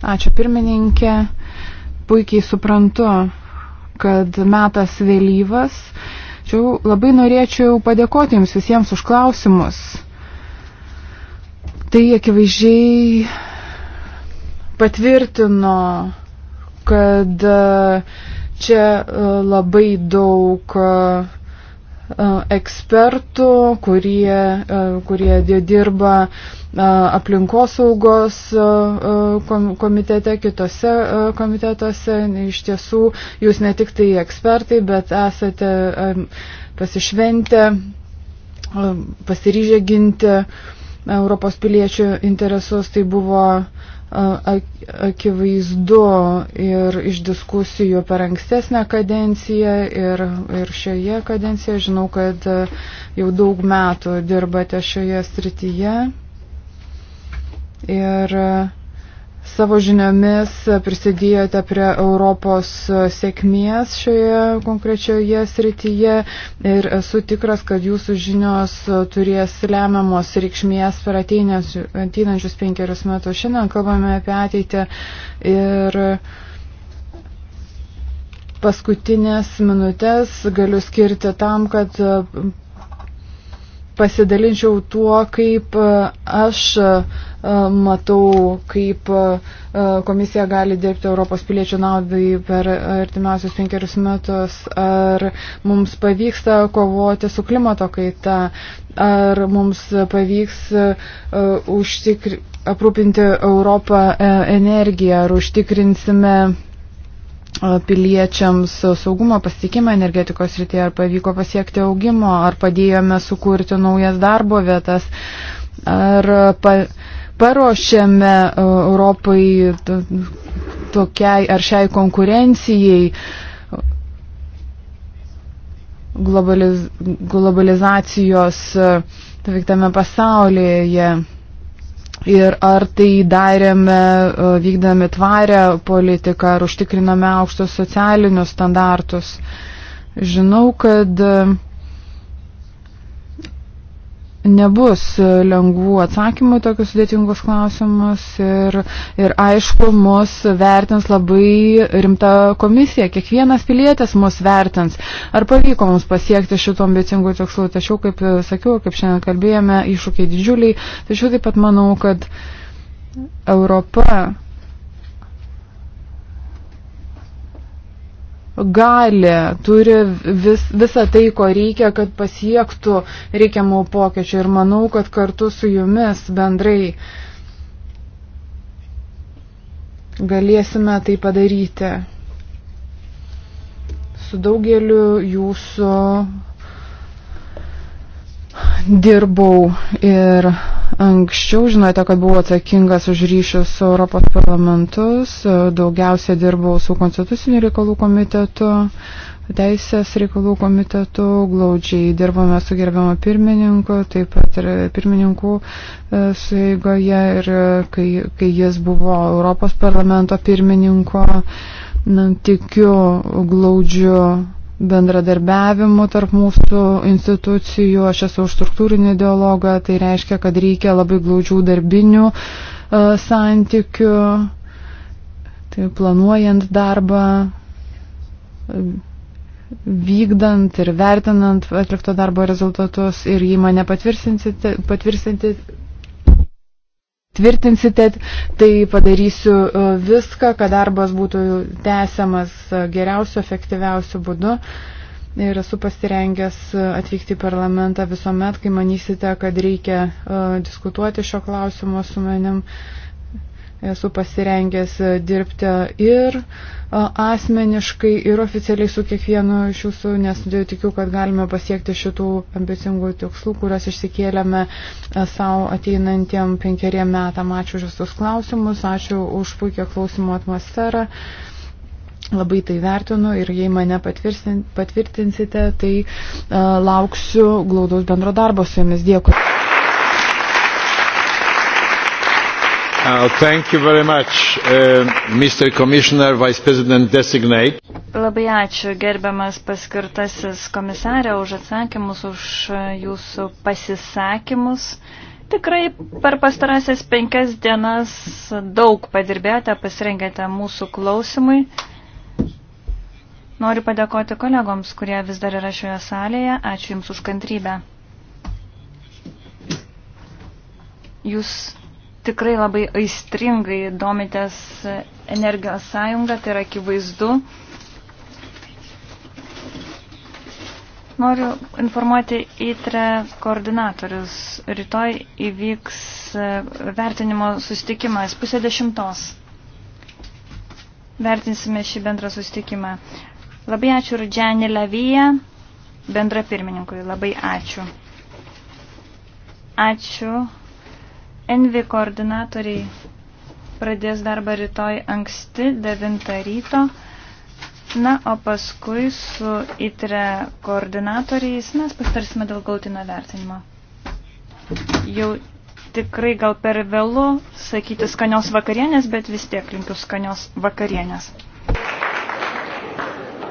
Ačiū pirmininkė. Puikiai suprantu, kad metas vėlyvas. Čia labai norėčiau padėkoti Jums visiems už klausimus. Tai akivaizdžiai patvirtino, kad e, čia e, labai daug e, E, ekspertų, kurie, e, kurie dirba e, aplinkosaugos komitete, kitose komitetuose. Iš tiesų, jūs ne tik tai ekspertai, bet esate pasišventę, pasiryžę ginti Europos piliečių interesus. Tai buvo akivaizdu ir iš diskusijų per ankstesnę kadenciją ir, ir šioje kadencijoje. Žinau, kad jau daug metų dirbate šioje srityje. Ir uh, savo žiniomis prisidėjote prie Europos sėkmės šioje konkrečioje srityje ir esu tikras, kad jūsų žinios turės lemiamos reikšmės per ateinančius penkerius metus. Šiandien kalbame apie ateitį ir paskutinės minutės galiu skirti tam, kad pasidalinčiau tuo, kaip e, aš e, matau, kaip e, komisija gali dirbti Europos piliečių naudai per artimiausius penkerius metus, ar mums pavyksta kovoti su klimato kaita, ar mums pavyks užtikri, aprūpinti Europą energiją, ar užtikrinsime piliečiams saugumo pasitikimą energetikos rytėje, ar pavyko pasiekti augimo, ar padėjome sukurti naujas darbo vietas, ar pa, paruošėme Europai tokiai ar šiai konkurencijai. Globaliz, globalizacijos tame e, pasaulyje. Yeah Ir ar tai darėme, e, vykdami tvarę politiką, ar užtikriname aukštus socialinius standartus. Žinau, kad Nebus lengvų atsakymų tokius sudėtingus klausimus ir, ir aišku, mus vertins labai rimta komisija, kiekvienas pilietis mus vertins, ar pavyko mums pasiekti šitų ambicingų tikslų, tačiau, kaip sakiau, kaip šiandien kalbėjome, iššūkiai didžiuliai, tačiau taip pat manau, kad Europa gali, turi vis, visą tai, ko reikia, kad pasiektų reikiamų pokyčių. Ir manau, kad kartu su jumis bendrai galėsime tai padaryti. Su daugeliu jūsų dirbau ir Anksčiau žinote, kad buvau atsakingas už ryšius su Europos parlamentus, daugiausia dirbau su konstituciniu reikalų komitetu, teisės reikalų komitetu, glaudžiai dirbame su gerbiamo pirmininku, taip pat ir pirmininkų e, sueigoje ir e, kai, kai jis buvo Europos parlamento pirmininko, tikiu glaudžiu bendradarbiavimu tarp mūsų institucijų, aš esu už struktūrinį dialogą, tai reiškia, kad reikia labai glaudžių darbinių e, santykių, tai planuojant darbą, vykdant ir vertinant atlikto darbo rezultatus ir jį mane patvirtinti, patvirtinti tvirtinsite, tai padarysiu e, viską, kad darbas būtų tęsiamas e, geriausiu, efektyviausiu būdu. Ir esu pasirengęs e, atvykti į parlamentą visuomet, kai manysite, kad reikia diskutuoti šio klausimo su manim esu pasirengęs e, dirbti ir e, asmeniškai, ir oficialiai su kiekvienu iš jūsų, nes e, tikiu, kad galime pasiekti šitų ambicingų tikslų, kuriuos išsikėlėme savo ateinantiem penkeriem metam. Ačiū už visus klausimus, ačiū už puikią klausimų atmosferą. Labai tai vertinu ir jei mane patvirtinsite, tai uh, lauksiu glaudaus bendro darbo su jumis. Dėkui. Uh, thank you very much, uh, Mr. Commissioner, Vice President Designate. Labai ačiū, gerbiamas paskirtasis komisarė, už atsakymus, už uh, jūsų pasisakymus. Tikrai per pastarąsias penkias dienas daug padirbėjote, pasirengėte mūsų klausimui. Noriu padėkoti kolegoms, kurie vis dar yra šioje salėje. Ačiū Jums už kantrybę. Jūs tikrai labai aistringai domitės energijos sąjunga, tai yra akivaizdu. Noriu informuoti įtre koordinatorius. Rytoj įvyks e, vertinimo sustikimas pusė dešimtos. Vertinsime šį bendrą sustikimą. Labai ačiū ir Džani Lavyje, bendra pirmininkui. Labai ačiū. Ačiū. Envi koordinatoriai pradės darbą rytoj anksti, 9 ryto. Na, o paskui su ITRE koordinatoriais mes pastarsime dėl gautino vertinimo. Jau tikrai gal per vėlu sakyti skanios vakarienės, bet vis tiek linkiu skanios vakarienės.